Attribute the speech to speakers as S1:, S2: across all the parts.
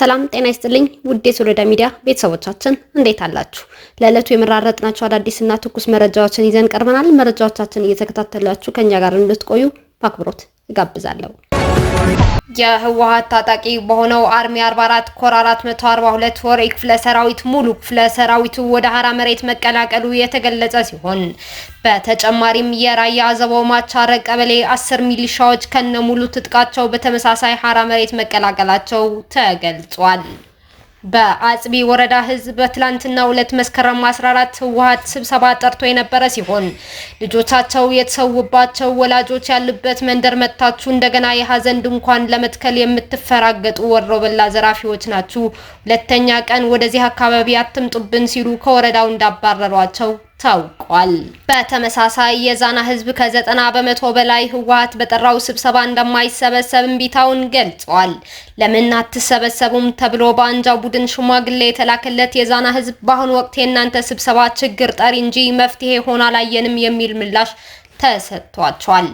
S1: ሰላም ጤና ይስጥልኝ ውዴ የሶሎዳ ሚዲያ ቤተሰቦቻችን እንዴት አላችሁ? ለዕለቱ የመራረጥናቸው አዳዲስና ትኩስ መረጃዎችን ይዘን ቀርበናል። መረጃዎቻችን እየተከታተላችሁ ከኛ ጋር እንድትቆዩ በአክብሮት እጋብዛለሁ።
S2: የህወሀት ታጣቂ በሆነው አርሚ 44 ኮር 442 ወር ክፍለ ሰራዊት ሙሉ ክፍለ ሰራዊቱ ወደ ሀራ መሬት መቀላቀሉ የተገለጸ ሲሆን በተጨማሪም የራያ አዘቦ ማቻረ ቀበሌ 10 ሚሊሻዎች ከነሙሉ ትጥቃቸው በተመሳሳይ ሀራ መሬት መቀላቀላቸው ተገልጿል። በአጽቢ ወረዳ ህዝብ በትላንትና ሁለት መስከረም 14 ህወሓት ስብሰባ ጠርቶ የነበረ ሲሆን ልጆቻቸው የተሰውባቸው ወላጆች ያሉበት መንደር መጥታችሁ እንደገና የሀዘን ድንኳን ለመትከል የምትፈራገጡ ወሮበላ ዘራፊዎች ናችሁ፣ ሁለተኛ ቀን ወደዚህ አካባቢ አትምጡብን ሲሉ ከወረዳው እንዳባረሯቸው ታውቋል። በተመሳሳይ የዛና ህዝብ ከዘጠና በመቶ በላይ ህወሀት በጠራው ስብሰባ እንደማይሰበሰብ እምቢታውን ገልጿል። ለምን አትሰበሰቡም ተብሎ በአንጃው ቡድን ሽማግሌ የተላከለት የዛና ህዝብ በአሁኑ ወቅት የእናንተ ስብሰባ ችግር ጠሪ እንጂ መፍትሄ ሆን አላየንም የሚል ምላሽ ተሰጥቷቸዋል።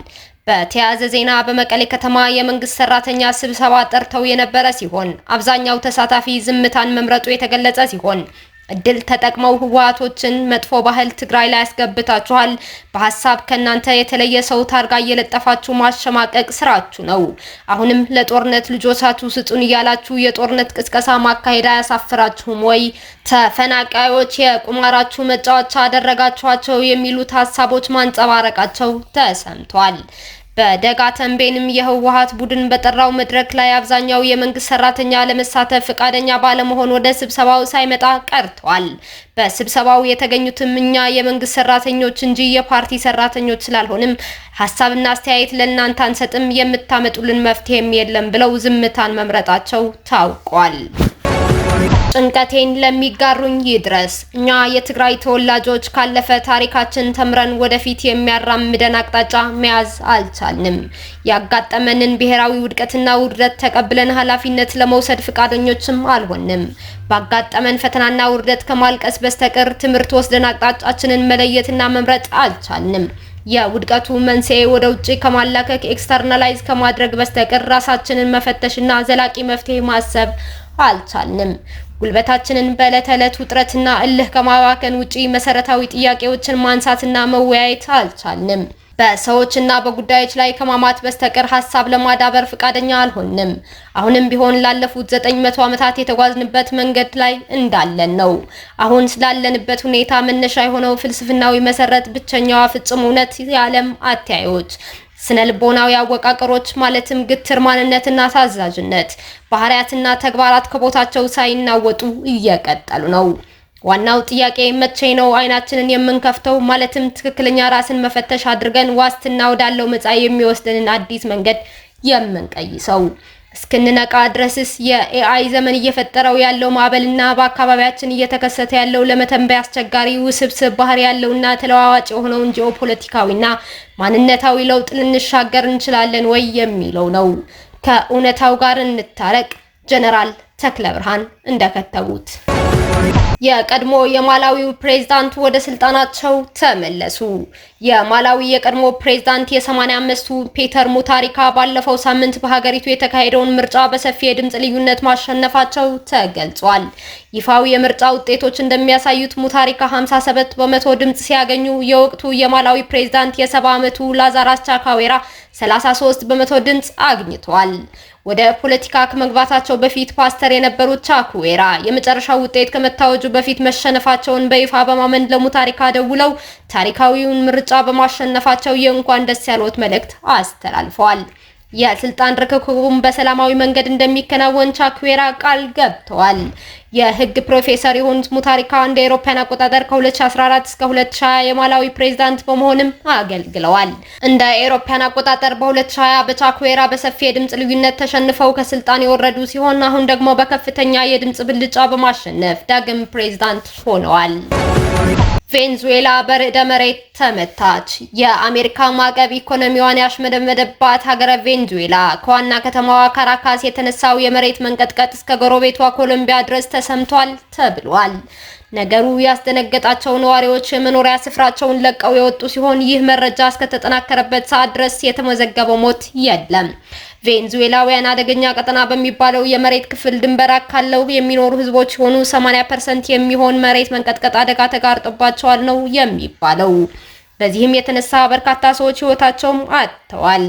S2: በተያያዘ ዜና በመቀሌ ከተማ የመንግስት ሰራተኛ ስብሰባ ጠርተው የነበረ ሲሆን አብዛኛው ተሳታፊ ዝምታን መምረጡ የተገለጸ ሲሆን እድል ተጠቅመው ህወሓቶችን መጥፎ ባህል ትግራይ ላይ ያስገብታችኋል። በሀሳብ ከእናንተ የተለየ ሰው ታርጋ እየለጠፋችሁ ማሸማቀቅ ስራችሁ ነው። አሁንም ለጦርነት ልጆቻችሁ ስጡን እያላችሁ የጦርነት ቅስቀሳ ማካሄድ አያሳፍራችሁም ወይ? ተፈናቃዮች የቁማራችሁ መጫወቻ አደረጋችኋቸው የሚሉት ሀሳቦች ማንጸባረቃቸው ተሰምቷል። በደጋ ተንቤንም የህወሀት ቡድን በጠራው መድረክ ላይ አብዛኛው የመንግስት ሰራተኛ ለመሳተፍ ፍቃደኛ ባለመሆን ወደ ስብሰባው ሳይመጣ ቀርቷል። በስብሰባው የተገኙትም እኛ የመንግስት ሰራተኞች እንጂ የፓርቲ ሰራተኞች ስላልሆንም ሀሳብና አስተያየት ለእናንተ አንሰጥም፣ የምታመጡልን መፍትሄም የለም ብለው ዝምታን መምረጣቸው ታውቋል። ጭንቀቴን ለሚጋሩኝ ይድረስ። እኛ የትግራይ ተወላጆች ካለፈ ታሪካችን ተምረን ወደፊት የሚያራምደን አቅጣጫ መያዝ አልቻልንም። ያጋጠመንን ብሔራዊ ውድቀትና ውርደት ተቀብለን ኃላፊነት ለመውሰድ ፍቃደኞችም አልሆንም። ባጋጠመን ፈተናና ውርደት ከማልቀስ በስተቀር ትምህርት ወስደን አቅጣጫችንን መለየትና መምረጥ አልቻልንም። የውድቀቱ መንስኤ ወደ ውጪ ከማላከክ ኤክስተርናላይዝ ከማድረግ በስተቀር ራሳችንን መፈተሽና ዘላቂ መፍትሄ ማሰብ አልቻልንም። ጉልበታችንን በዕለት ተዕለት ውጥረትና እልህ ከማባከን ውጪ መሰረታዊ ጥያቄዎችን ማንሳትና መወያየት አልቻልንም። በሰዎችና በጉዳዮች ላይ ከማማት በስተቀር ሀሳብ ለማዳበር ፈቃደኛ አልሆንም። አሁንም ቢሆን ላለፉት ዘጠኝ መቶ ዓመታት የተጓዝንበት መንገድ ላይ እንዳለን ነው። አሁን ስላለንበት ሁኔታ መነሻ የሆነው ፍልስፍናዊ መሰረት ብቸኛዋ ፍጹም እውነት የዓለም አተያዮች ስነ ልቦናዊ አወቃቀሮች ማለትም ግትር ማንነትና ታዛዥነት ባህሪያትና ተግባራት ከቦታቸው ሳይናወጡ እየቀጠሉ ነው። ዋናው ጥያቄ መቼ ነው አይናችንን የምንከፍተው? ማለትም ትክክለኛ ራስን መፈተሽ አድርገን ዋስትና ወዳለው መጻኢ የሚወስደንን አዲስ መንገድ የምንቀይሰው? እስክንነቃ ድረስስ የኤአይ ዘመን እየፈጠረው ያለው ማዕበልና በአካባቢያችን እየተከሰተ ያለው ለመተንበይ አስቸጋሪ ውስብስብ ባህሪ ያለውና ተለዋዋጭ የሆነውን ጂኦፖለቲካዊና ማንነታዊ ለውጥ ልንሻገር እንችላለን ወይ የሚለው ነው። ከእውነታው ጋር እንታረቅ ጀነራል ተክለ ብርሃን እንደከተቡት የቀድሞ የማላዊው ፕሬዝዳንት ወደ ስልጣናቸው ተመለሱ። የማላዊ የቀድሞ ፕሬዝዳንት የ85ቱ ፔተር ሙታሪካ ባለፈው ሳምንት በሀገሪቱ የተካሄደውን ምርጫ በሰፊ የድምፅ ልዩነት ማሸነፋቸው ተገልጿል። ይፋው የምርጫ ውጤቶች እንደሚያሳዩት ሙታሪካ 57 በመቶ ድምፅ ሲያገኙ የወቅቱ የማላዊ ፕሬዝዳንት የ70 ዓመቱ ላዛራስ ቻካዌራ 33 በመቶ ድምፅ አግኝቷል። ወደ ፖለቲካ ከመግባታቸው በፊት ፓስተር የነበሩት ቻኩዌራ የመጨረሻው ውጤት ከመታወጁ በፊት መሸነፋቸውን በይፋ በማመን ለሙታሪካ ደውለው ታሪካዊውን ምርጫ በማሸነፋቸው የእንኳን ደስ ያለዎት መልእክት አስተላልፈዋል። የስልጣን ርክክቡም በሰላማዊ መንገድ እንደሚከናወን ቻኩዌራ ቃል ገብተዋል። የህግ ፕሮፌሰር የሆኑት ሙታሪካ እንደ አውሮፓውያን አቆጣጠር ከ2014 እስከ 2020 የማላዊ ፕሬዝዳንት በመሆንም አገልግለዋል። እንደ አውሮፓውያን አቆጣጠር በ2020 በቻኩዌራ በሰፊ የድምጽ ልዩነት ተሸንፈው ከስልጣን የወረዱ ሲሆን አሁን ደግሞ በከፍተኛ የድምጽ ብልጫ በማሸነፍ ዳግም ፕሬዝዳንት ሆነዋል። ቬንዙዌላ በርዕደ መሬት ተመታች። የአሜሪካ ማዕቀብ ኢኮኖሚዋን ያሽመደመደባት ሀገረ ቬንዙዌላ ከዋና ከተማዋ ካራካስ የተነሳው የመሬት መንቀጥቀጥ እስከ ጎረቤቷ ኮሎምቢያ ድረስ ተ ተሰምቷል ተብሏል። ነገሩ ያስደነገጣቸው ነዋሪዎች የመኖሪያ ስፍራቸውን ለቀው የወጡ ሲሆን ይህ መረጃ እስከተጠናከረበት ሰዓት ድረስ የተመዘገበው ሞት የለም። ቬንዙዌላውያን አደገኛ ቀጠና በሚባለው የመሬት ክፍል ድንበር ካለው የሚኖሩ ህዝቦች ሲሆኑ 80% የሚሆን መሬት መንቀጥቀጥ አደጋ ተጋርጦባቸዋል ነው የሚባለው። በዚህም የተነሳ በርካታ ሰዎች ህይወታቸውም አጥተዋል።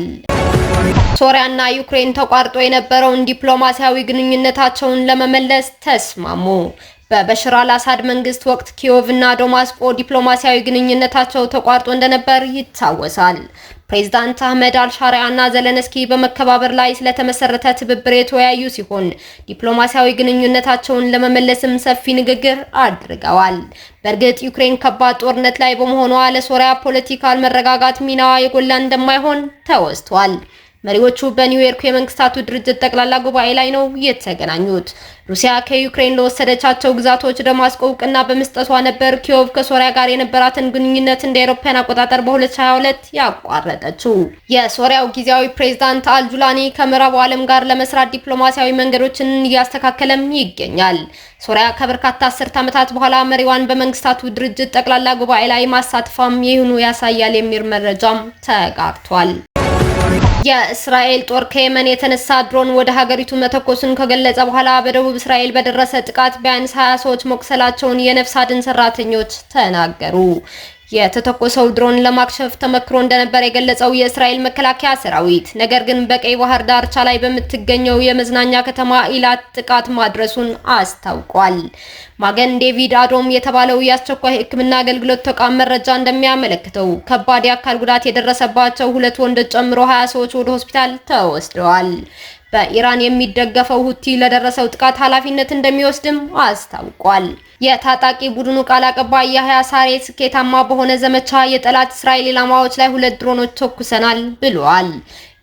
S2: ሶሪያና ዩክሬን ተቋርጦ የነበረውን ዲፕሎማሲያዊ ግንኙነታቸውን ለመመለስ ተስማሙ። በበሽር አልአሳድ መንግስት ወቅት ኪዮቭ እና ዶማስቆ ዲፕሎማሲያዊ ግንኙነታቸው ተቋርጦ እንደነበር ይታወሳል። ፕሬዝዳንት አህመድ አልሻሪያ እና ዘለንስኪ በመከባበር ላይ ስለተመሰረተ ትብብር የተወያዩ ሲሆን ዲፕሎማሲያዊ ግንኙነታቸውን ለመመለስም ሰፊ ንግግር አድርገዋል። በእርግጥ ዩክሬን ከባድ ጦርነት ላይ በመሆኗ ለሶሪያ ፖለቲካል መረጋጋት ሚናዋ የጎላ እንደማይሆን ተወስቷል። መሪዎቹ በኒውዮርክ የመንግስታቱ ድርጅት ጠቅላላ ጉባኤ ላይ ነው የተገናኙት። ሩሲያ ከዩክሬን ለወሰደቻቸው ግዛቶች ደማስቆ እውቅና በመስጠቷ ነበር ኪዮቭ ከሶሪያ ጋር የነበራትን ግንኙነት እንደ አውሮፓውያን አቆጣጠር በ2022 ያቋረጠችው። የሶሪያው ጊዜያዊ ፕሬዝዳንት አልጁላኒ ከምዕራቡ ዓለም ጋር ለመስራት ዲፕሎማሲያዊ መንገዶችን እያስተካከለም ይገኛል። ሶሪያ ከበርካታ አስርት ዓመታት በኋላ መሪዋን በመንግስታቱ ድርጅት ጠቅላላ ጉባኤ ላይ ማሳትፋም ይህኑ ያሳያል የሚል መረጃም ተጋርቷል። የእስራኤል ጦር ከየመን የተነሳ ድሮን ወደ ሀገሪቱ መተኮሱን ከገለጸ በኋላ በደቡብ እስራኤል በደረሰ ጥቃት ቢያንስ ሀያ ሰዎች መቁሰላቸውን የነፍስ አድን ሰራተኞች ተናገሩ። የተተኮሰው ድሮን ለማክሸፍ ተመክሮ እንደነበር የገለጸው የእስራኤል መከላከያ ሰራዊት ነገር ግን በቀይ ባህር ዳርቻ ላይ በምትገኘው የመዝናኛ ከተማ ኢላት ጥቃት ማድረሱን አስታውቋል። ማገን ዴቪድ አዶም የተባለው የአስቸኳይ ሕክምና አገልግሎት ተቋም መረጃ እንደሚያመለክተው ከባድ የአካል ጉዳት የደረሰባቸው ሁለት ወንዶች ጨምሮ ሀያ ሰዎች ወደ ሆስፒታል ተወስደዋል። በኢራን የሚደገፈው ሁቲ ለደረሰው ጥቃት ኃላፊነት እንደሚወስድም አስታውቋል። የታጣቂ ቡድኑ ቃል አቀባይ ያህያ ሳሬ ስኬታማ በሆነ ዘመቻ የጠላት እስራኤል ኢላማዎች ላይ ሁለት ድሮኖች ተኩሰናል ብለዋል።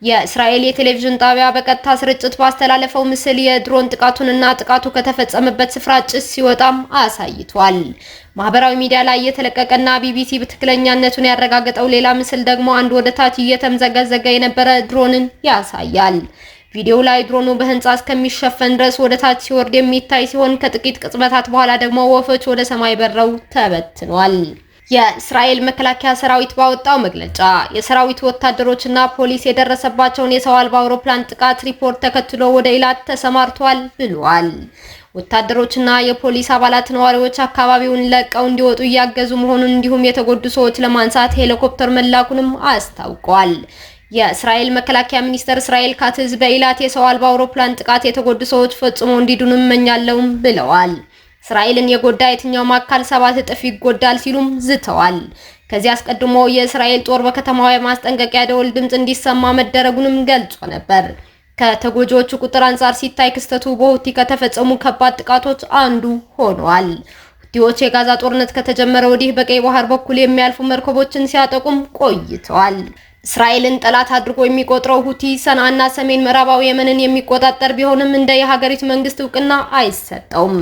S2: የእስራኤል የቴሌቪዥን ጣቢያ በቀጥታ ስርጭት ባስተላለፈው ምስል የድሮን ጥቃቱንና ጥቃቱ ከተፈጸመበት ስፍራ ጭስ ሲወጣም አሳይቷል። ማህበራዊ ሚዲያ ላይ የተለቀቀና ቢቢሲ ትክክለኛነቱን ያረጋገጠው ሌላ ምስል ደግሞ አንድ ወደታች እየተምዘገዘገ የነበረ ድሮንን ያሳያል። ቪዲዮው ላይ ድሮኑ በህንጻ እስከሚሸፈን ድረስ ወደ ታች ሲወርድ የሚታይ ሲሆን ከጥቂት ቅጽበታት በኋላ ደግሞ ወፎች ወደ ሰማይ በረው ተበትኗል። የእስራኤል መከላከያ ሰራዊት ባወጣው መግለጫ የሰራዊቱ ወታደሮችና ፖሊስ የደረሰባቸውን የሰው አልባ አውሮፕላን ጥቃት ሪፖርት ተከትሎ ወደ ኢላት ተሰማርቷል ብሏል። ወታደሮችና የፖሊስ አባላት ነዋሪዎች አካባቢውን ለቀው እንዲወጡ እያገዙ መሆኑን እንዲሁም የተጎዱ ሰዎች ለማንሳት ሄሊኮፕተር መላኩንም አስታውቋል። የእስራኤል መከላከያ ሚኒስተር እስራኤል ካትዝ በኢላት የሰው አልባ አውሮፕላን ጥቃት የተጎዱ ሰዎች ፈጽሞ እንዲድኑ እመኛለሁም ብለዋል። እስራኤልን የጎዳ የትኛውም አካል ሰባት እጥፍ ይጎዳል ሲሉም ዝተዋል። ከዚህ አስቀድሞ የእስራኤል ጦር በከተማው የማስጠንቀቂያ ደወል ድምፅ እንዲሰማ መደረጉንም ገልጾ ነበር። ከተጎጂዎቹ ቁጥር አንጻር ሲታይ ክስተቱ በሁቲ ከተፈጸሙ ከባድ ጥቃቶች አንዱ ሆኗል። ሁቲዎች የጋዛ ጦርነት ከተጀመረ ወዲህ በቀይ ባህር በኩል የሚያልፉ መርከቦችን ሲያጠቁም ቆይተዋል። እስራኤልን ጠላት አድርጎ የሚቆጥረው ሁቲ ሰናና ሰሜን ምዕራባዊ የመንን የሚቆጣጠር ቢሆንም እንደ የሀገሪቱ መንግስት እውቅና አይሰጠውም።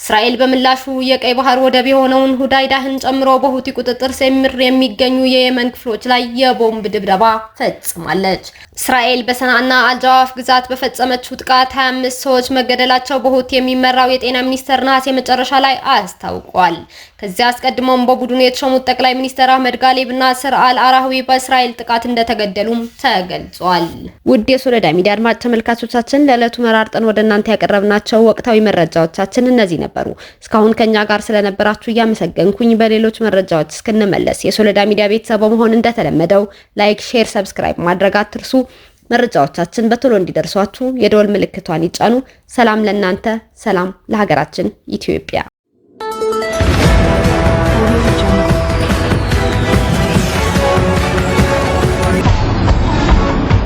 S2: እስራኤል በምላሹ የቀይ ባህር ወደብ የሆነውን ሁዳይዳህን ጨምሮ በሁቲ ቁጥጥር ስር የሚገኙ የየመን ክፍሎች ላይ የቦምብ ድብደባ ፈጽማለች። እስራኤል በሰናና አልጃዋፍ ግዛት በፈጸመችው ጥቃት 25 ሰዎች መገደላቸው በሁቲ የሚመራው የጤና ሚኒስቴር ነሐሴ መጨረሻ ላይ አስታውቋል። ከዚያ አስቀድሞም በቡድኑ የተሾሙት ጠቅላይ ሚኒስትር አህመድ ጋሌብ እና ስር አል አራዊ በእስራኤል ጥቃት እንደተገደሉም ተገልጿል። ውድ የሶለዳ ሚዲያ አድማጭ ተመልካቾቻችን ለዕለቱ መራርጠን ወደ እናንተ ያቀረብናቸው ወቅታዊ መረጃዎቻችን እነዚህ ነበሩ። እስካሁን ከኛ ጋር ስለነበራችሁ እያመሰገንኩኝ በሌሎች መረጃዎች እስክንመለስ የሶለዳ ሚዲያ ቤተሰብ በመሆን እንደተለመደው ላይክ፣ ሼር፣ ሰብስክራይብ ማድረግ አትርሱ። መረጃዎቻችን በቶሎ እንዲደርሷችሁ የደወል ምልክቷን ይጫኑ። ሰላም ለእናንተ፣ ሰላም ለሀገራችን ኢትዮጵያ።